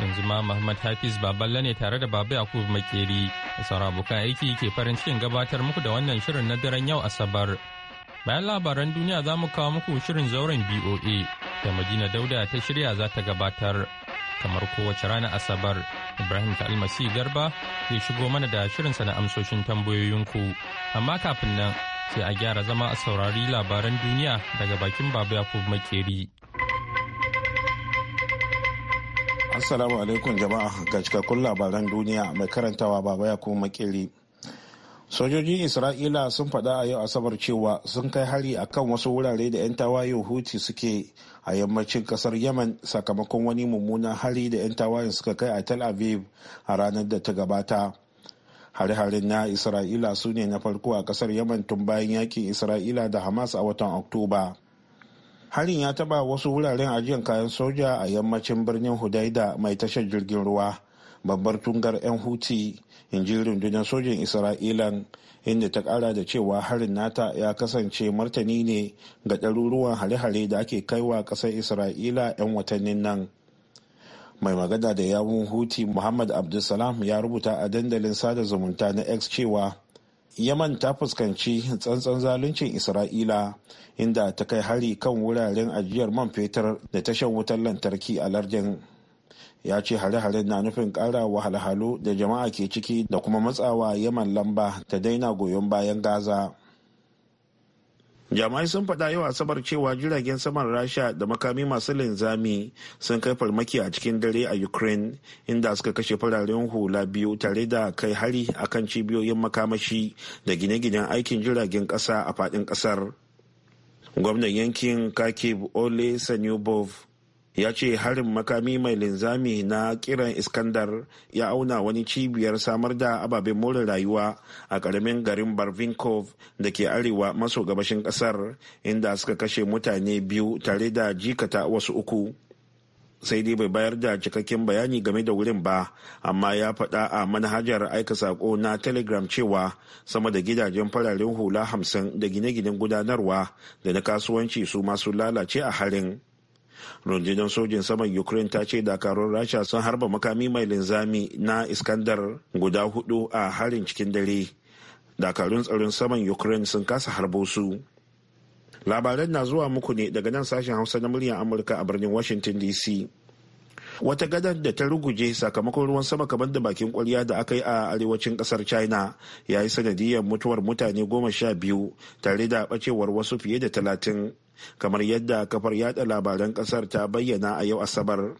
yanzu ma Muhammad Hafiz Baballa ne tare da Baba Yakubu Makeri da sauran abokan aiki ke farin cikin gabatar muku da wannan shirin na daren yau Asabar. Bayan labaran duniya za mu kawo muku shirin zauren BOA da Madina Dauda ta shirya za ta gabatar. Kamar kowace rana Asabar, Ibrahim almasi Garba zai shigo mana da shirinsa na amsoshin tambayoyinku. Amma kafin nan sai a gyara zama a saurari labaran duniya daga bakin Baba Yakubu Makeri. Assalamu alaikum jama'a ga cikakkun labaran duniya mai karantawa baba ya kuma makili. Sojojin Isra'ila sun faɗa a yau Asabar cewa sun kai hari a kan wasu wurare da 'yan tawayen Houthi suke a yammacin kasar Yemen sakamakon wani mummunan hari da 'yan tawayen suka kai a Tel Aviv a ranar da ta gabata. Hare-haren na Isra'ila su ne na farko a kasar Yemen tun bayan yakin Isra'ila da Hamas a watan Oktoba. harin ya taba wasu wuraren ajiyar kayan soja a yammacin birnin hudaida mai tashar jirgin ruwa babbar tungar 'yan huti in ji rundunar sojin isra'ila inda ta kara da cewa harin nata ya kasance martani ne ga ɗaruruwan hare-hare da ake kaiwa ƙasar isra'ila 'yan watannin nan mai magana da yawun huti muhammad abdulsalam ya rubuta a dandalin sada zumunta na x cewa yaman ta fuskanci tsantsan zaluncin isra'ila inda ta kai hari kan wuraren ajiyar man fetur da tashan wutar lantarki a lardin ya ce hare-haren na nufin ƙara wahalhalu da jama'a ke ciki da kuma matsawa yaman lamba ta daina goyon bayan gaza jami'ai sun faɗa yau asabar cewa jiragen saman rasha da makami masu linzami sun kai farmaki a cikin dare a ukraine inda suka kashe fararen hula biyu tare da kai hari akan cibiyoyin makamashi da gine-ginen aikin jiragen ƙasa a faɗin ƙasar gwamnan yankin kakib ole sanubov ya ce harin makami mai linzami na kiran iskandar ya auna wani cibiyar samar da ababen more rayuwa a karamin garin barvinkov da ke arewa maso gabashin kasar inda suka kashe mutane biyu tare da jikata wasu uku sai dai bai bayar da cikakken bayani game da wurin ba amma ya faɗa a manhajar aika sako na telegram cewa sama da gidajen fararen hula hamsin da gine-ginen gudanarwa da na kasuwanci su masu lalace a harin rundunar sojin saman ukraine ta ce dakarun rasha sun harba makami mai linzami na iskandar guda hudu a harin cikin dare dakarun tsaron saman ukraine sun kasa harbo su labaran na zuwa muku ne daga nan sashen hausa na muryar amurka a birnin washington dc wata gadar da ta ruguje sakamakon ruwan sama kamar da bakin kwarya da aka yi a arewacin kasar china ya yi sanadiyar mutuwar mutane goma sha biyu tare da bacewar wasu fiye da talatin kamar yadda kafar yada labaran kasar ta bayyana a yau asabar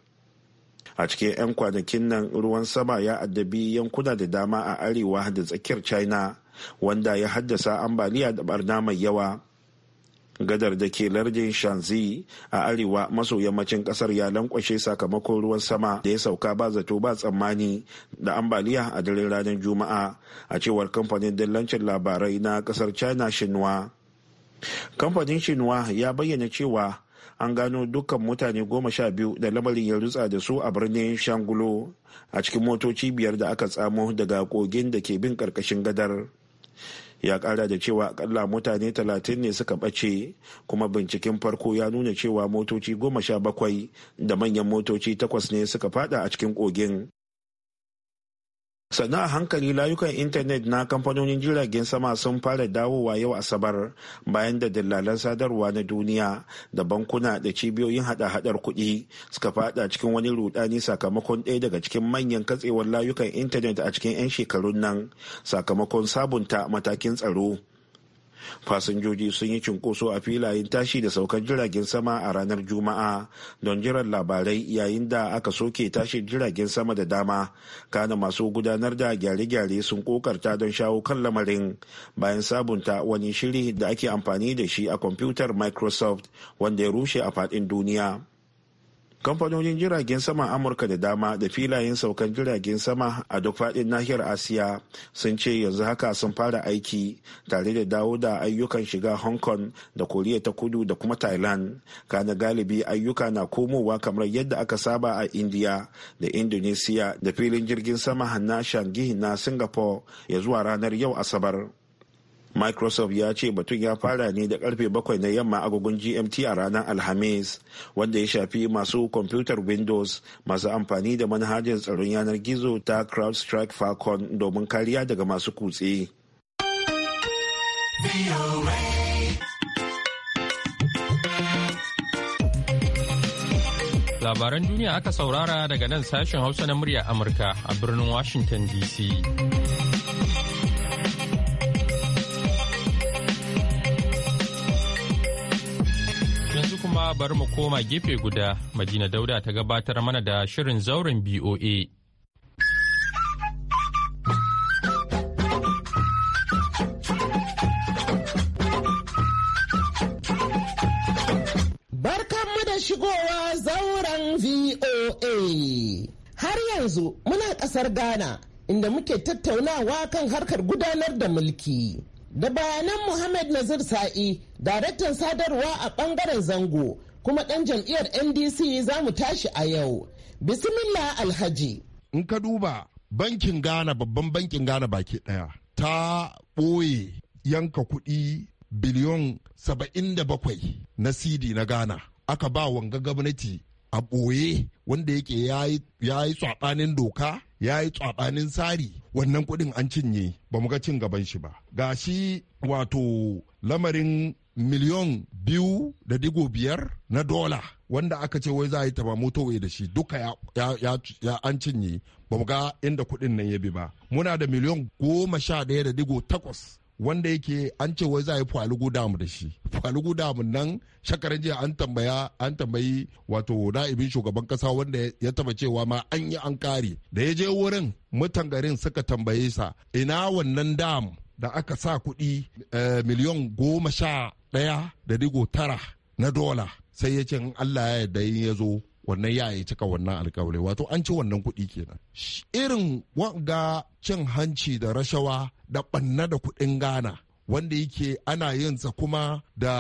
a cikin 'yan kwanakin nan ruwan sama ya addabi yankuna da dama a arewa da tsakiyar china wanda ya haddasa ambaliya da barna mai yawa gadar da ke lardin shanzi a arewa maso yammacin kasar ya lankwashe sakamakon ruwan sama da ya sauka ba zato ba tsammani da ambaliya a daren ranar juma'a a cewar kamfanin dillancin labarai na kasar china shinwa kamfanin shinwa ya bayyana cewa an gano dukkan mutane goma sha biyu da lamarin ya rutsa da su a birnin shangulo a cikin motoci biyar da aka tsamo daga kogin da ke bin karkashin gadar ya kara da cewa akalla mutane talatin ne suka ɓace kuma binciken farko ya nuna cewa motoci goma sha bakwai da manyan motoci takwas ne suka fada a cikin kogin sannan a hankali layukan intanet na kamfanonin jiragen sama sun fara dawowa yau asabar bayan da dillalan sadarwa na duniya da bankuna da cibiyoyin hada-hadar kuɗi suka fada cikin wani rudani sakamakon ɗaya daga cikin manyan katsewar layukan intanet a cikin 'yan shekarun nan sakamakon sabunta matakin tsaro fasinjoji sun yi cunkoso a filayen tashi da saukar jiragen sama a ranar juma'a don jiran labarai yayin da aka soke tashin jiragen sama da dama kana masu gudanar da gyare-gyare sun kokarta don shawo kan lamarin bayan sabunta wani shiri da ake amfani da shi a kwamfutar microsoft wanda ya rushe a faɗin duniya kamfanonin jiragen saman amurka da dama da filayen saukan jiragen sama a duk faɗin nahiyar asiya sun ce yanzu haka sun fara aiki tare da dawo da ayyukan shiga hong kong da koriya ta kudu da kuma thailand kana galibi ayyuka na komowa kamar yadda aka saba a india da indonesia da filin jirgin sama na shangihi na singapore ya zuwa ranar yau asabar microsoft ya ce batun ya fara ne da karfe 7 na yamma agogon gmt a ranar alhamis wanda ya shafi masu kwamfutar windows masu amfani da manhajar tsaron yanar gizo ta crowdstrike falcon domin kariya daga masu kutse labaran duniya aka saurara daga nan sashen hausa na murya amurka a birnin washington dc bari mu koma gefe guda Majina Dauda ta gabatar mana da shirin zauren BOA. Barkanmu da shigowa zauren VOA. Har yanzu muna ƙasar Ghana inda muke tattaunawa kan harkar gudanar da mulki. Da bayanan Muhammad Nazir Sa'i, daraktan sadarwa a bangaren zango kuma dan jam'iyyar NDC za mu tashi a yau. Bismillah Alhaji. In ka duba bankin Ghana babban bankin Ghana baki daya ta ɓoye yanka kuɗi biliyon 77 na CD na Ghana. Aka ba wanga gwamnati a ɓoye wanda yake ya yi tsabanin doka ya yi tsabanin tsari wannan kuɗin an cinye ba mu ga cin gaban shi ba ga shi wato lamarin miliyon biyu da digo biyar na dola wanda aka ce wai za a yi taba motowai da shi duka ya, an cinye ba mu ga inda kuɗin nan ya bi ba muna da miliyon goma sha ɗaya da digo takwas wanda yake an ce wai za a yi falugu damu da shi falugu damu nan shakaran jiya an tambaya an tambayi wato na'ibin shugaban kasa wanda ya taba cewa ma an yi an kare da ya je wurin mutan garin suka tambaye sa ina wannan dam da aka sa kuɗi eh, miliyon goma sha ɗaya da digo tara na dola sai ya ce in allah ya yarda in ya zo wannan ya yi cika wannan alkawari wato an ci wannan kuɗi kenan irin ga cin hanci da rashawa da ɓanna da kuɗin gana wanda yake ana yin sa kuma da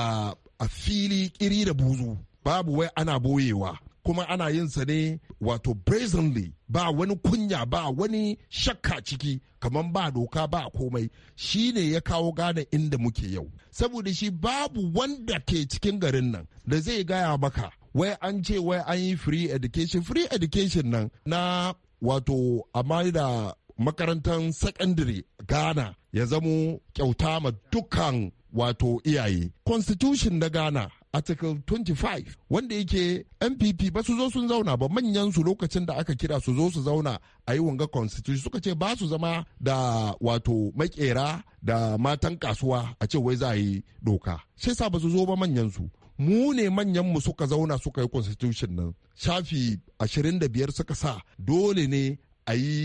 a fili kiri da buzu babu wai ana boyewa kuma ana yin sa ne wato brazenly ba wani kunya ba wani shakka ciki kamar ba doka ba komai shi ne ya kawo gane inda muke yau saboda shi babu wanda ke cikin garin nan da zai gaya maka wai an ce wai an yi free education free education nan na wato amma da makarantar secondary ghana ya zamo kyauta ma dukkan wato iyaye constitution na ghana article 25 wanda yake npp ba su zo sun zauna ba manyan su lokacin da aka kira su zo su zauna a yi wanga constitution suka ce ba su zama da wato makera da matan kasuwa a ce wai za a yi doka sai sa ba su zo ba manyan su mu ne manyan mu suka zauna suka yi constitution nan shafi 25 suka sa dole ne a yi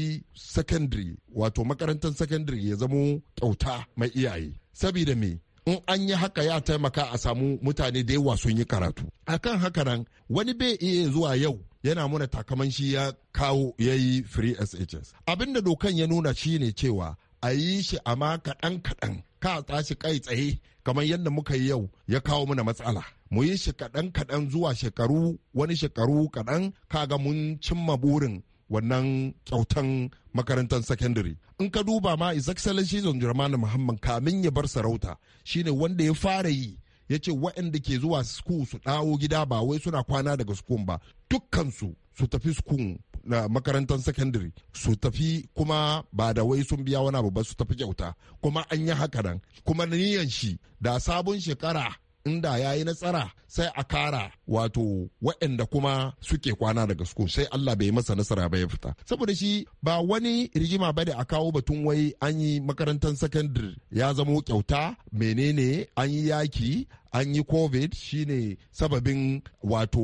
secondary wato makarantar secondary ya zama kyauta mai iyaye saboda me in an yi haka ya taimaka a samu mutane da yawa sun yi karatu akan haka nan wani bai iya zuwa yau yana muna takaman shi ya kawo ya yi free shs abinda dokan ya nuna shi ne cewa a yi shi amma kaɗan kaɗan ka tashi kai tsaye kamar yadda muka yi yau ya kawo mana matsala mu yi shi kaɗan kaɗan zuwa shekaru wani shekaru kaɗan ga mun cimma burin wannan kyautan makarantar sakandare in ka duba ma is excellency zon jirmani muhammad kamin ya bar sarauta shine wanda ya fara yi ya ce waɗanda ke zuwa school su dawo gida ba wai suna kwana daga school ba dukkansu su tafi school na makarantar secondary su tafi kuma ba da wai sun biya wani abu ba su tafi kyauta kuma an yi haka nan kuma niyan shi da sabon shekara inda ya yi nasara sai a kara wato waɗanda kuma suke kwana daga su sai Allah bai masa nasara ba ya fita saboda shi ba wani rigima ba da a kawo batun wai an yi makarantar sakandare ya zamo kyauta menene an yi yaki an yi covid shine sababin wato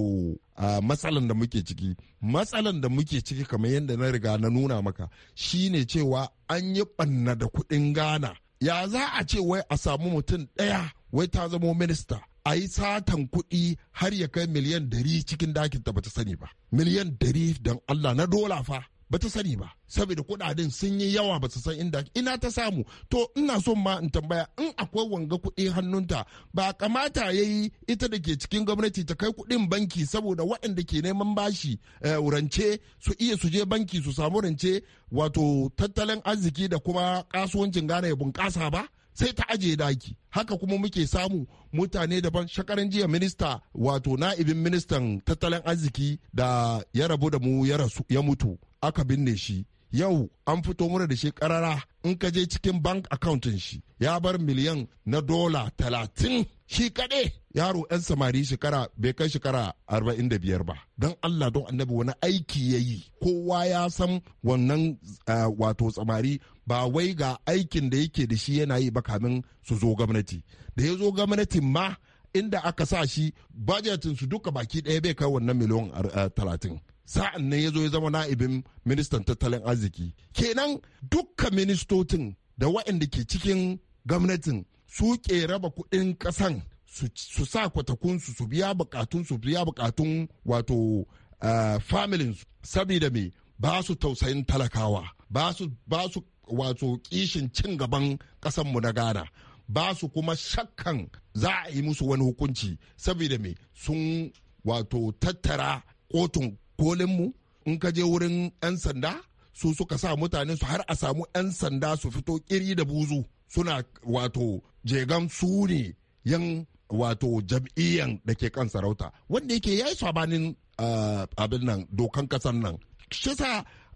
uh, matsalan da muke ciki matsalan da muke ciki kamar yadda na riga na nuna maka shine cewa an yi ɓanna da kuɗin ghana ya za a ce wai a samu mutum ɗaya wai ta zamo minista a yi satan kuɗi har ya kai miliyan dari cikin dakin ta bata sani ba miliyan dari don allah na dola fa bata sani ba saboda kuɗaɗen sun yi yawa ba ta san inda ina ta samu to ina son ma in tambaya in akwai wanga kuɗi hannunta ba kamata ya yi ita da ke cikin gwamnati ta kai kuɗin banki saboda waɗanda ke neman bashi eh, rance su iya su je banki su samu rance wato tattalin arziki da kuma kasuwancin gane ya bunƙasa ba sai ta ajiye daki haka kuma muke samu mutane daban shakaran jiya minista wato na'ibin ministan tattalin arziki da ya rabu da mu ya mutu aka binne shi yau an fito mura da shi in ka je cikin bank accountin shi ya bar miliyan na dola talatin shi kaɗai yaro yan samari shekara bai kai shekara arba'in da biyar ba don allah don annabi wani aiki ya yi kowa ya san wannan wato samari ba wai ga aikin da yake da shi yana yi ba kamin su zo gwamnati da ya zo gwamnati ma inda aka sa shi bajetin su duka baki ɗaya bai kai wannan miliyan talatin sa'an nan ya zo ya zama na'ibin ministan tattalin arziki kenan duka ministocin da waɗanda ke cikin gwamnatin su ke raba kuɗin ƙasan su sa kwatakunsu su biya bukatun su biya bukatun wato eh, familin saboda me ba su tausayin talakawa ba su wato kishin cin gaban mu na ghana ba su kuma shakkan za a yi musu wani hukunci saboda me sun wato tattara kotun kolin mu in ka je wurin 'yan sanda su suka sa mutane su har a samu 'yan sanda su fito kiri da buzu suna wato jegan su ne yan wato jam'iyyan da ke kan sarauta wanda yake ya yi sabanin ah, abin nan dokan kasar nan shi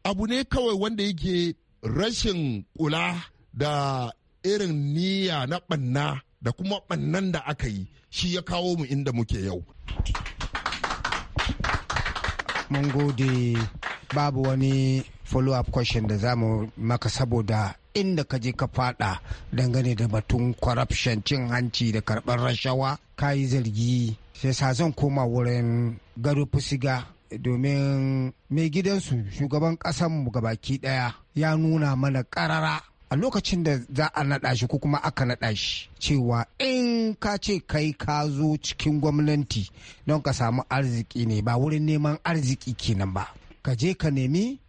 abu ne kawai wanda yake rashin kula da irin niyya na banna da kuma bannan da aka yi shi ya kawo mu inda muke yau mun gode babu wani follow-up question da za mu maka saboda inda ka je ka fada dangane da batun corruption cin hanci da karɓar rashawa ka yi zargi sai sa zan koma wurin gado fusiga domin mai gidansu shugaban ƙasanmu gabaki ɗaya ya nuna mana ƙarara a lokacin da za a naɗa shi ko kuma aka naɗa shi cewa in ka ce kai ka zo cikin gwamnati don ka samu arziki ne ba wurin neman arziki kenan ba ka je ka nemi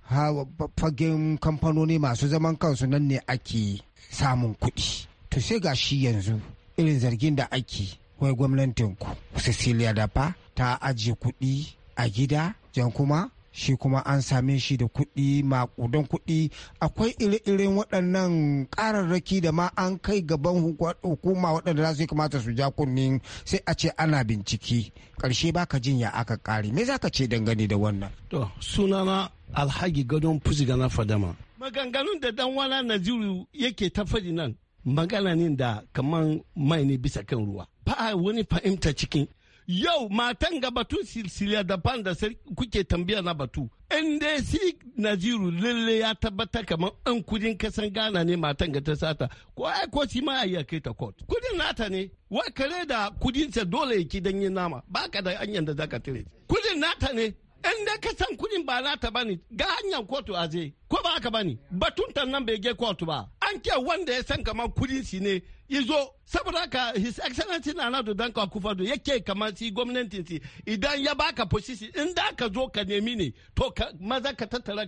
fagen kamfanoni masu zaman kansu nan ne ake samun kuɗi to sai ga shi yanzu irin zargin da ake wai gwamnatin ku cecilia dafa ta ajiye kuɗi a gida jan kuma shi kuma an same shi da kuɗi makudan kuɗi akwai ire-iren waɗannan ƙararraki da ma an kai gaban hukuma waɗanda za su kamata su ja kunnin sai a ce ana bincike ƙarshe baka jin ya aka ƙari me za ka ce dangane da wannan. to sunana alhaji gadon fusiga na fadama maganganun da dan wala naziru yake ta fadi nan magana ne da kaman mai ne bisa kan ruwa ba wani fahimta cikin yau matan ga batu silsila daban da kuke tambaya na batu in dai si naziru lalle ya tabbatar kamar an kudin kasan gana ne matan ga ta sata ko ai ko si ma ya kai ta court kudin nata ne wa kare da kudin kudinsa dole yake ki danyen nama baka da hanyar da zaka tare kudin nata ne in dai ka san kudin ba nata bane ga hanyar kotu a je ko ba haka bane batun nan bai je kotu ba an ce wanda ya san kamar kudin shi ne izo saboda ka his excellency na nado dan do yake kamar si gwamnatin si idan ya baka position in da ka zo ka nemi ne to maza ka tattara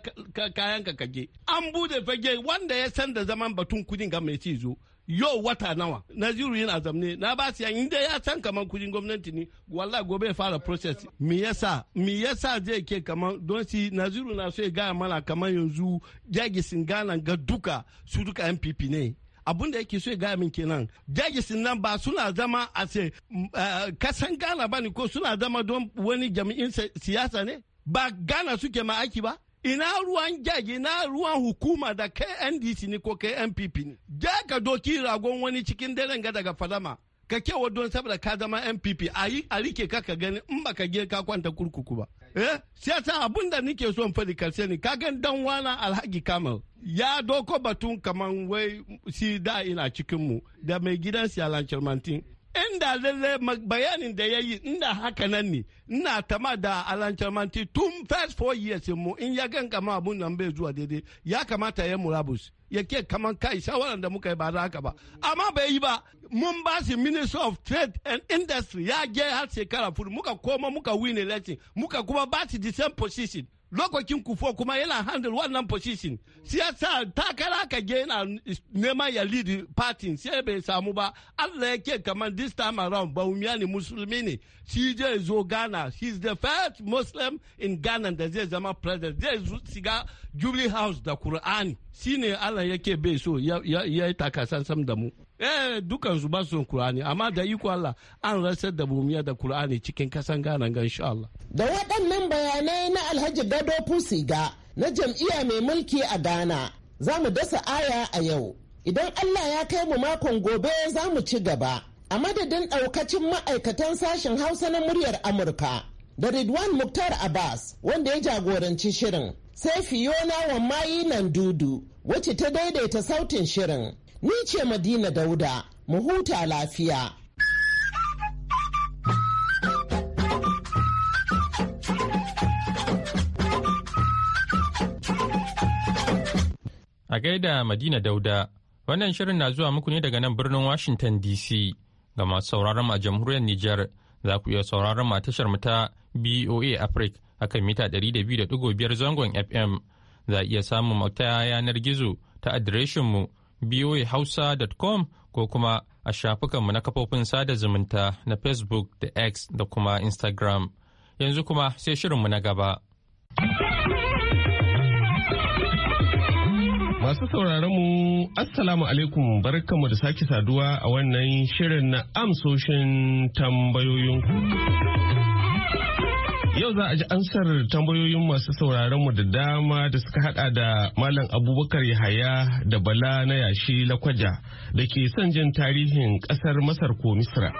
kayan ka kage an bude fage wanda ya san da zaman batun kudin ga mai ci zo y'o wata nawa na yin azam ne na ba su yayin da ya san kamar kudin gwamnati ne wallahi gobe ya fara process mi yasa mi yasa zai ke kamar don si naziru na so ya gaya mana kamar yanzu jagisin gana ga duka su duka npp ne abun da yake so ya gaya min kenan jajisin nan ba suna zama a ce mm, eh, kasan gana ba ne ko suna zama don wani jami'in siyasa ne ba gana suke ma aiki ba ina ruwan jaji na ruwan hukuma da kndc ne ko kmpp. ne ja ka doki ragon wani cikin daren ga daga fadama ka kewa don saboda ka zama npp a rike ka ka gani in baka ka ka kwanta kurkuku ba eh sai ta abun da nike so in faɗi karshe ne kagan dan wana alhaji kamal ya doko batun kaman wai si da ina cikin mu da mai gidan siyalan charmantin inda lalle bayanin da ya yi inda haka nan ne ina tama da alan charmantin tun first four years mu in ya gan kama abun nan bai zuwa daidai ya kamata ya murabus ya ke kaman kai shawaran da muka yi ba da haka ba amma bai yi ba mun ba shi of trade and industry ya je har shekara fudu muka koma muka win election muka kuma ba shi the same position lokacin kufo kuma yana handle wannan position siyasa takara ka je yana neman ya lead party sai bai samu ba allah yake this time around baumiya ne musulmi ne shi zai zo ghana he is the first muslim in ghana da zai zama president zai shiga jubilee house da Qurani. shi ne Allah yake bai so ya yi takasan sam da mu eh dukansu ba su Kur'ani amma da iko Allah an rasar da bumiya da Kur'ani cikin kasan Ghana ga insha Allah da waɗannan bayanai na Alhaji Gado Fusiga na jam'iyya mai mulki a Ghana za mu dasa aya a yau idan Allah ya kai mu makon gobe za mu ci gaba a madadin ɗaukacin ma'aikatan sashen Hausa na muryar Amurka da Ridwan Muktar Abbas wanda ya jagoranci shirin sai Fiona Wammayi nan dudu wacce ta daidaita sautin shirin. Ni ce Madina Dauda, mu huta lafiya. A gaida Madina Dauda, wannan shirin na zuwa muku ne daga nan birnin Washington DC ga masu sauraron a jamhuriyar Nijar za ku iya sauraron tashar mu ta BOA Africa akan mita 200.5 zangon FM. Za iya samun mata yanar gizo ta adireshinmu voahausa.com ko kuma a shafukanmu na kafofin sada zumunta na Facebook da X da kuma Instagram. Yanzu kuma sai shirinmu na gaba. Masu sauraron mu Assalamu alaikum barkanmu da sake saduwa a wannan shirin na amsoshin tambayoyinku. Yau za a ji ansar tambayoyin masu sauraron mu da dama da suka hada da Malam Abubakar Yahaya da Bala na yashi Lakwaja da ke son jin tarihin kasar Masar ko Misra.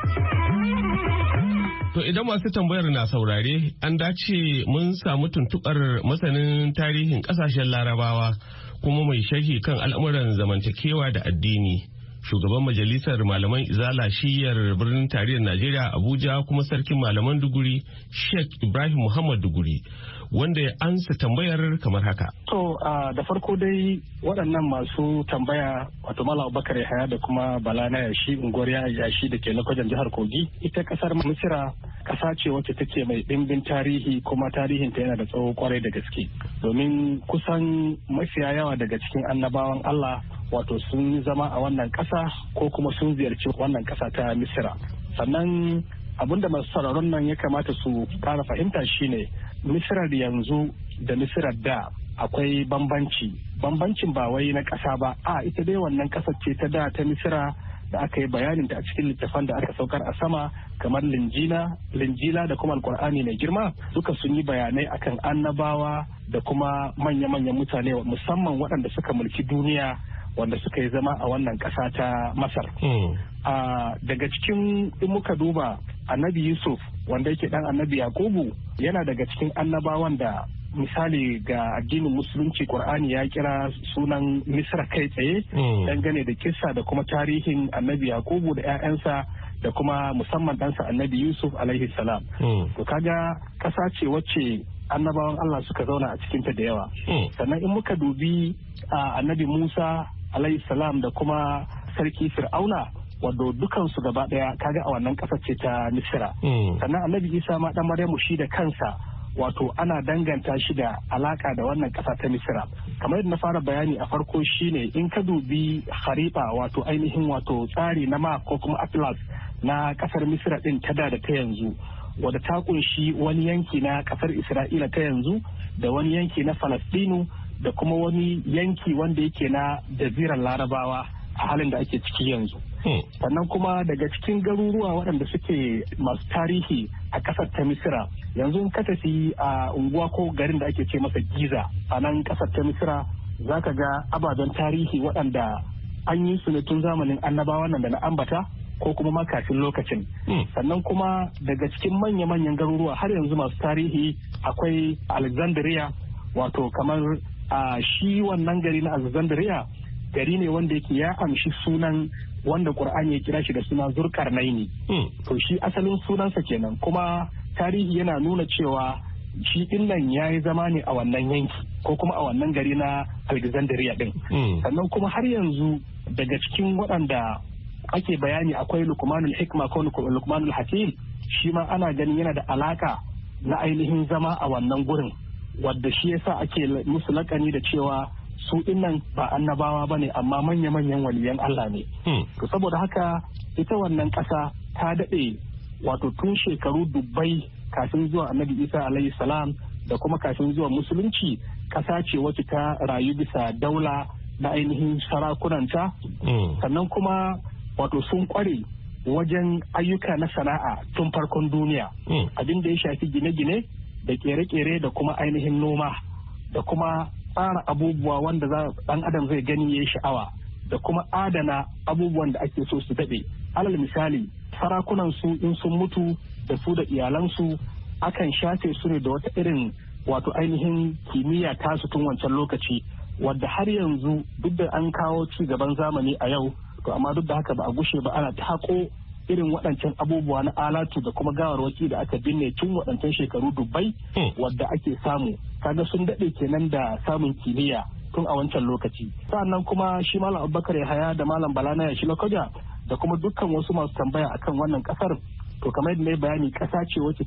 To idan masu tambayar na saurare an dace mun samu tuntuɓar masanin tarihin ƙasashen larabawa kuma mai sharhi kan al'amuran zamantakewa da addini. shugaban majalisar malaman izala shiyar birnin tarihin najeriya abuja kuma sarkin malaman duguri sheikh ibrahim muhammad duguri wanda ya ansa tambayar kamar haka. To da farko dai waɗannan masu tambaya wato Mala Abubakar Yahaya da kuma Bala na yashi unguwar yashi da ke lakwajen jihar Kogi ita kasar Misira kasa ce wacce take mai ɗimbin tarihi kuma tarihinta yana da tsawo kwarai da gaske domin kusan mafiya yawa daga cikin annabawan Allah wato sun zama a wannan ƙasa ko kuma sun ziyarci wannan ƙasa ta Misira. Sannan abin da masu sauraron nan ya kamata su fara fahimta shine misirar yanzu da misirar da akwai bambanci bambancin ba wai na kasa ba a ita dai wannan ƙasar ce ta da ta misira da aka yi bayanin ta a cikin littafan da aka saukar a sama kamar linjila linjila da kuma alkur'ani mai girma duka sun yi bayanai akan annabawa da kuma manya-manyan mutane musamman waɗanda suka mulki duniya wanda suka yi zama a wannan ƙasa ta masar hmm. daga cikin in muka duba annabi yusuf wanda yake dan annabi yakubu yana daga cikin annabawan da misali ga addinin musulunci qur'ani ya kira sunan misra kai tsaye hmm. dangane da kissa da kuma tarihin annabi yakubu da 'ya'yansa da kuma musamman ɗansa annabi yusuf alaihi salam hmm. to kaga ƙasa ce wacce annabawan allah suka zauna a cikinta da yawa hmm. sannan in muka dubi annabi musa alaihi salam da kuma sarki fir'auna wanda dukansu gaba daya kaga a wannan kasar ce ta misira hmm. sannan annabi isa ma dan maryamu shi da kansa wato ana danganta shi da alaka da wannan kasa ta misira kamar yadda na fara bayani a farko shine in ka dubi harifa wato ainihin wato tsari na ma ko kuma atlas na kasar misira din ta da da ta yanzu wadda ta kunshi wani yanki na kasar isra'ila ta yanzu da wani yanki na falastinu da kuma wani yanki wanda yake na jazirar larabawa a halin da ake ciki yanzu hmm. sannan kuma daga cikin garuruwa waɗanda suke masu tarihi a ƙasar ta misira yanzu ka tafi a unguwa ko garin da ake ce masa giza a nan ƙasar ta misira za ka ga ababen tarihi waɗanda an yi su ne tun zamanin annabawa nan da na ambata ko kuma ma lokacin hmm. sannan kuma daga cikin manya-manyan garuruwa har yanzu masu tarihi akwai alexandria wato kamar a shi wannan gari na alexandria gari ne wanda yake ya amshi sunan wanda Qur'ani ya kira shi da suna zurkar naini. Hmm. to shi asalin sunansa kenan kuma tarihi yana nuna cewa shi dinnan ya yi zama ne a wannan yanki ko kuma a wannan gari na Alexandria din hmm. sannan kuma har yanzu daga cikin waɗanda ake bayani akwai lukmanul hikma ko lukmanul hakim shi ma ana ganin yana da alaka na ainihin zama a wannan gurin wadda shi yasa ake musu lakani da cewa su dinnan ba annabawa ba ne amma manya-manyan waliyan Allah ne. Hmm. To saboda haka ita wannan ƙasa ta daɗe wato tun shekaru dubbai kafin zuwa annabi Isa alayhi salam da kuma kafin zuwa musulunci ƙasa ce wacce ta rayu bisa daula na ainihin sarakunanta. Hmm. Sannan kuma wato sun ƙware wajen ayyuka na sana'a tun farkon duniya. Hmm. Abin da ya shafi gine-gine da kere-kere da kuma ainihin noma da kuma tsara abubuwa wanda za dan adam zai gani ya sha'awa da kuma adana abubuwan da ake so su daɗe alal misali sarakunan su in sun mutu da su da iyalansu akan shafe su ne da wata irin wato ainihin kimiyya ta su tun wancan lokaci wadda har yanzu duk da an kawo ci gaban zamani a yau to amma duk da haka ba a gushe ba ana taƙo irin waɗancan abubuwa na alatu da kuma gawarwaki da aka binne tun waɗancan shekaru dubbai hmm. wadda ake samu kaga sun daɗe kenan da samun kimiyya tun a wancan lokaci sa'annan kuma shi malam abubakar ya haya da malam bala na yashi lokaja da kuma dukkan wasu masu tambaya akan wannan kasar to kamar yadda na bayani ƙasa ce wacce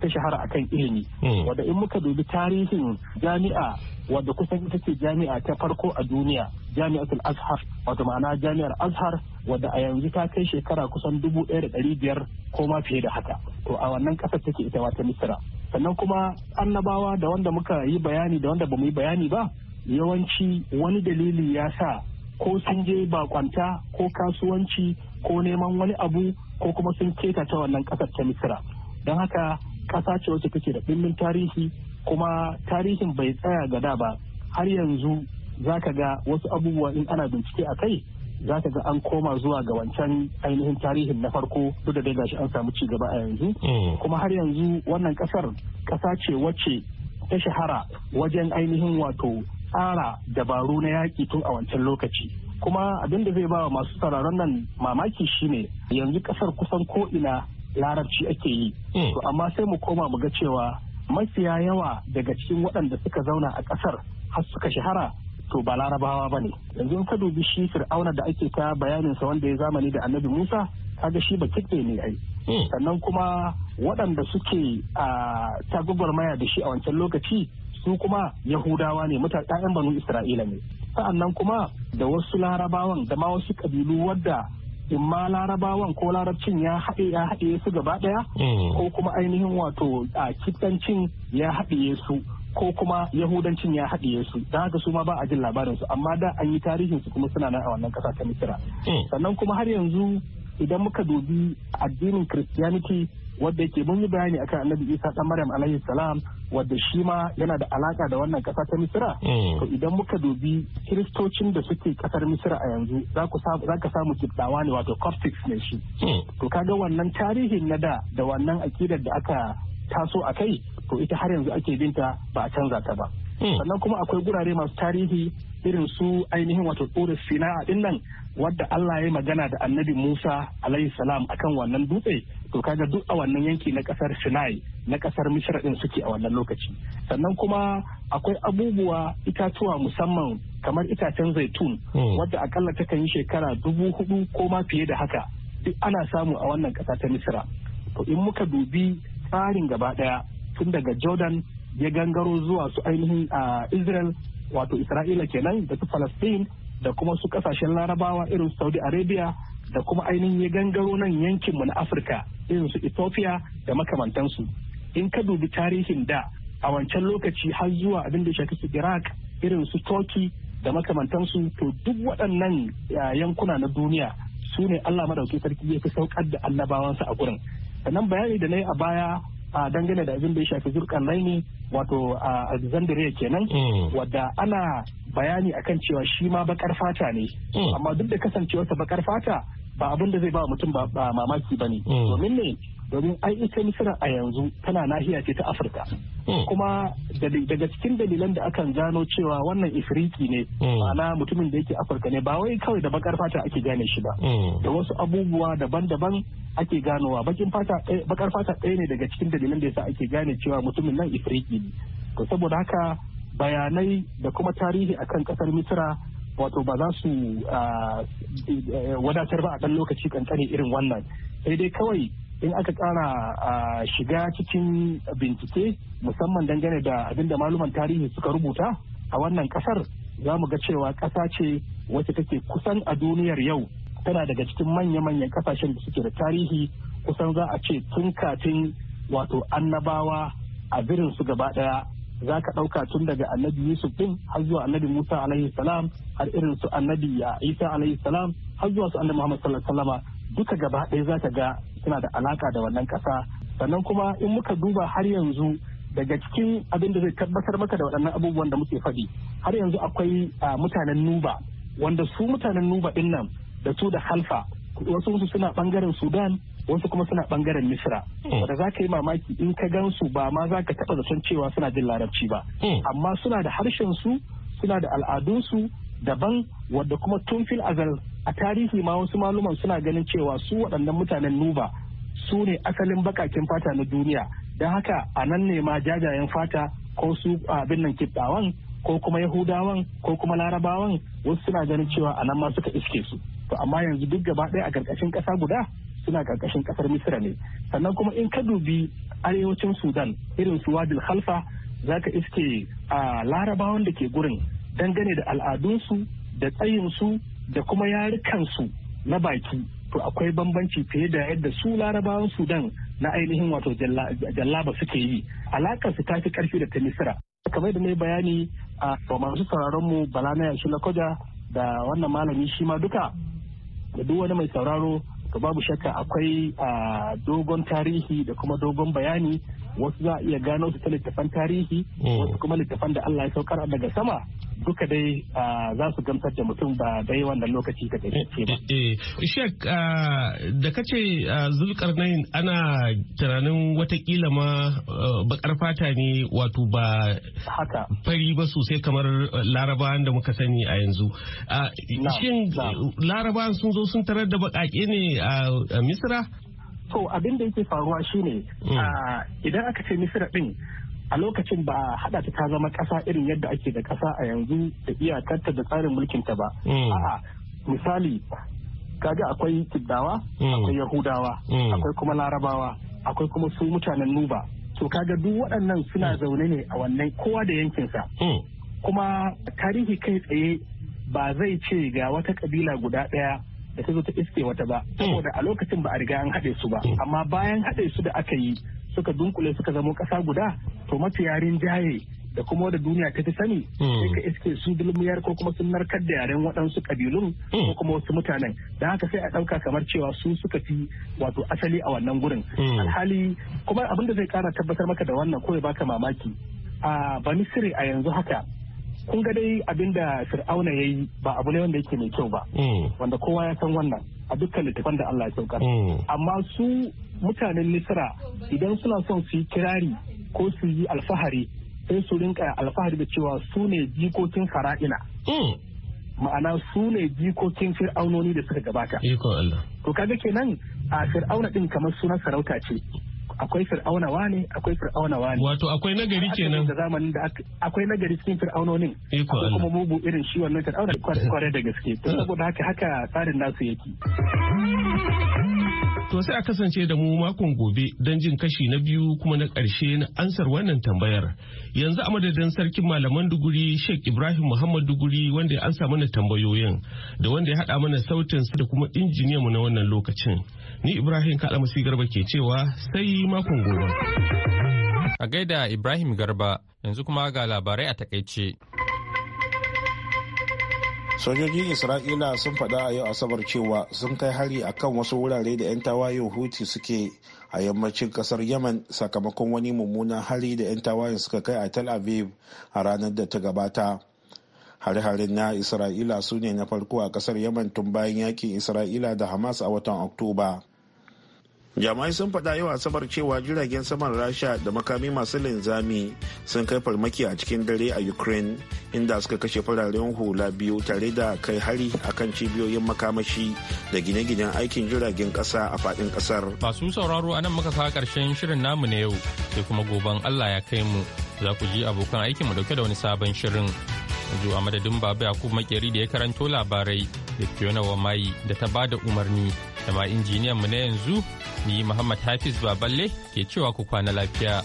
ta shahara akan ilimi hmm. wadda in muka dubi tarihin jami'a wadda kusan ita ce jami'a ta farko a duniya jami'atul azhar wato ma'ana jami'ar azhar wadda a yanzu ta kai shekara kusan dubu ɗaya da ɗari biyar ko ma fiye da haka to a wannan ƙasar take ita wata misira sannan kuma annabawa da wanda muka yi bayani da wanda bamu yi bayani ba yawanci wani dalili ya sa ko sun je bakwanta ko kasuwanci ko neman wani abu ko kuma sun keta ta wannan kasar ta misira don haka ƙasa ce wacce take da ɗimbin tarihi kuma tarihin bai tsaya ga da ba har yanzu za ka ga wasu abubuwa in ana bincike a kai za ka ga an koma zuwa ga wancan ainihin tarihin na farko duk da dai gashi an samu ci gaba a yanzu mm. kuma har yanzu wannan kasar kasa ce wacce ta shahara wajen ainihin wato tsara dabaru na yaki tun a wancan lokaci kuma abin da zai ba masu sauraron nan mamaki shine yanzu kasar kusan ko'ina larabci ake yi hmm. to amma sai mu koma mu ga cewa mafiya yawa daga cikin waɗanda suka zauna a ƙasar har suka shahara to ba larabawa ba ne yanzu ka dubi shi fir'auna da ake ta bayanin sa wanda ya zamani da annabi musa kaga shi ba kitse ne ai hmm. sannan kuma waɗanda suke a ta maya da shi a wancan lokaci su kuma yahudawa ne mutane ɗayan banu isra'ila ne sa'annan kuma da wasu larabawan da ma wasu kabilu wadda in ma larabawan ko larabcin ya haɗe ya haɗe su gaba ɗaya mm. ko kuma ainihin wato a kitancin ya haɗe su ko kuma yahudancin ya haɗe su da haka su ma ba a jin labarin su amma da an yi tarihin su kuma suna nan a wannan ƙasa ta misira mm. sannan kuma har yanzu idan muka dubi addinin christianity wadda yake mun yi bayani akan annabi isa dan maryam alaihi salam wadda shi ma yana da alaka da wannan kasa ta misira mm. to idan muka dubi kiristocin da suke ƙasar misira a yanzu za ka samu kiddawa ne wato coptics ne shi mm. to kaga wannan tarihin na da da wannan akidar da aka taso a kai to ita har yanzu ake binta ba a canza ta ba mm. sannan kuma akwai gurare masu tarihi irin su ainihin wato tsorin sina'a din nan wadda Allah ya magana da annabi Musa alayhi salam akan wannan dutse to kaga duk a wannan yanki na kasar Sinai na kasar Misra din suke a wannan lokaci sannan kuma akwai abubuwa itatuwa musamman kamar itacen zaitun hmm. wadda akalla kan yi shekara dubu hudu ko ma fiye da haka duk ana samu a wannan kasa ta Misra to in muka dubi tsarin gaba daya tun daga Jordan ya gangaro zuwa su ainihin a ah, Israel wato isra'ila kenan da su palestine da kuma su kasashen larabawa irin saudi arabia da kuma ainihin ya gangaro nan yankinmu na afirka irin su ethiopia da makamantansu in ka dubi tarihin da a wancan lokaci har zuwa abin da shafi su iraq irin su turkey da makamantansu to duk waɗannan yankuna na duniya su ne allah madauki sarki ya fi saukar da annabawansa a gurin sannan bayani da na yi a baya a dangane da abin da ya shafi zurkan laini wato a alexandria kenan hmm. wadda ana bayani akan cewa shi ma bakar fata ne hmm. amma duk da kasancewarsa bakar fata ba abin da zai ba mutum ba mamaki ba ne hmm. domin ne domin ai ita misira a yanzu tana nahiya ce ta afirka hmm. kuma daga cikin dalilan da akan gano cewa wannan ifiriki ne hmm. ma'ana mutumin da yake afirka ne ba wai kawai da bakar fata ake gane shi ba hmm. da wasu abubuwa daban-daban ake ganowa eh, bakar fata ɗaya ne daga cikin dalilan da yasa ake gane cewa mutumin nan ifiriki ne to saboda haka bayanai da kuma tarihi akan kasar misira wato ba za su ah, eh, wadatar ba a ɗan lokaci kankani irin wannan sai dai kawai in aka kara a shiga cikin bincike musamman dangane da abinda maluman tarihi suka rubuta a wannan kasar za mu ga cewa ƙasa ce wacce take kusan a duniyar yau tana daga cikin manya-manyan kasashen da suke da tarihi kusan za a ce tun katin wato annabawa a birin su gaba daya za ka ɗauka tun daga annabi yusuf din har zuwa annabi musa alaihi salam har irin su annabi isa alaihi salam har zuwa su annabi muhammad sallallahu alaihi duka gaba ɗaya za ka ga suna da alaka da wannan kasa sannan kuma in muka duba har yanzu daga cikin abin da zai tabbatar maka da waɗannan abubuwan da muke faɗi har yanzu akwai mutanen nuba wanda su mutanen nuba din nan da su da halfa wasu suna bangaren sudan wasu kuma suna bangaren misra hmm. wanda za ka yi mamaki in ka gan su ba ma za ka taɓa zaton cewa suna jin larabci ba hmm. amma suna da harshen su suna da al'adunsu daban wadda kuma tun fil azal a tarihi ma wasu maluman suna ganin cewa su waɗannan mutanen nuba su ne asalin bakakin fata na duniya don haka a nan ne ma jajayen fata ko su abin nan kiɗawan ko kuma yahudawan ko kuma larabawan wasu suna ganin cewa a nan ma suka iske su to amma yanzu duk gaba ɗaya a ƙarƙashin ƙasa guda suna ƙarƙashin ƙasar misira ne sannan kuma in ka dubi arewacin sudan irin su wadil halfa za ka iske a larabawan da ke gurin dangane da al'adunsu da tsayinsu da kuma yarukansu na baki to akwai bambanci fiye da yadda su larabawan sudan na ainihin wato jallaba suke yi alakar su tafi karfi da ta misira kamar da na bayani a masu sauraron mu bala na yashi da wannan malami shi ma duka da duk wani mai sauraro to babu shakka akwai dogon tarihi da kuma dogon bayani wasu za a iya gano su ta littafan tarihi mm. wasu kuma littafan da Allah ya saukar daga sama duka dai za su gamsar da mutum ba dai wannan lokaci ka ce ba. Eh, eh, eh. Shek da ka ce zulkarnain ana tunanin watakila ma bakar fata ne wato ba fari ba sosai kamar larabawan da muka sani a yanzu. Shin larabawan sun zo sun tarar da baƙaƙe ne a Misira? To abin da yake faruwa shine hmm. idan aka ce Misira ɗin a lokacin ba a hada ta ta zama kasa irin yadda ake da kasa a yanzu da iyakarta da tsarin mulkin ta ba hmm. a'a misali kaga akwai kiddawa hmm. akwai yahudawa hmm. akwai kuma larabawa akwai kuma su mutanen nuba to kaga duk waɗannan suna zaune ne a wannan kowa da yankinsa kuma tarihi kai tsaye ba zai ce ga wata kabila guda ɗaya da ta zo ta iske wata ba hmm. saboda a lokacin ba a riga an haɗe su ba hmm. amma bayan haɗe su da aka yi suka dunkule suka zamo ƙasa guda to yarin jaye da kuma wadda duniya ta fi sani hmm. sai ka iske su dulmiyar ko kuma sun narkar da yaren waɗansu ƙabilun ko kuma wasu mutanen da haka sai a ɗauka kamar cewa su suka fi wato asali a wannan gurin alhali kuma abin da zai ƙara tabbatar maka da wannan ko ya baka mamaki a banisiri a yanzu haka kun ga dai abin da fir'auna ya yi ba abu ne wanda yake mai kyau ba mm. wanda kowa ya san wannan a dukkan littafan da Allah ya saukar mm. amma su mutanen Misra idan suna son su yi kirari ko su yi alfahari sai su rinka alfahari da cewa su ne jikokin fara'ina mm. ma'ana su ne jikokin fir'aunoni da suka gabata to kaga kenan a fir'auna din kamar sunan sarauta ce akwai fir'auna wane akwai fir'auna wane wato akwai nagari kenan da zamanin da akwai nagari cikin fir'aunonin akwai kuma mugu irin shi wannan fir'auna kwarai da gaske to saboda haka haka tsarin nasu yake To sai a kasance da mu makon gobe don jin kashi na biyu kuma na ƙarshe na ansar wannan tambayar. Yanzu a madadin sarkin malaman duguri Sheikh Ibrahim Muhammad duguri wanda ya ansa mana tambayoyin da wanda ya haɗa mana sautin su da kuma injiniya mu na wannan lokacin. Ni Ibrahim Kaɗa Masu Garba ke cewa sai makon gobe. A gaida Ibrahim Garba yanzu kuma ga labarai a takaice. sojojin isra'ila sun faɗa a yau asabar cewa sun kai hari a kan wasu wurare da 'yan tawayen huti suke a yammacin kasar yaman sakamakon wani mummunan hari da 'yan tawayen suka kai a tel aviv a ranar da ta gabata hare-haren na isra'ila su ne na farko a kasar yaman tun bayan yakin isra'ila da hamas a watan oktoba jami'ai sun faɗa yau asabar cewa jiragen saman rasha da makami masu linzami sun kai farmaki a cikin dare a ukraine inda suka kashe fararen hula biyu tare da kai hari akan cibiyoyin makamashi da gine-ginen aikin jiragen ƙasa a faɗin ƙasar masu sauraro anan muka sa ƙarshen shirin namu na yau sai kuma goben allah ya kai mu za ku ji abokan mu dauke da wani sabon shirin zuwa a madadin babu kuma makeri da ya karanto labarai da fiona Mayi da ta ba da umarni da ma injiniyanmu na yanzu ni muhammad hafiz baballe ke cewa ku kwana lafiya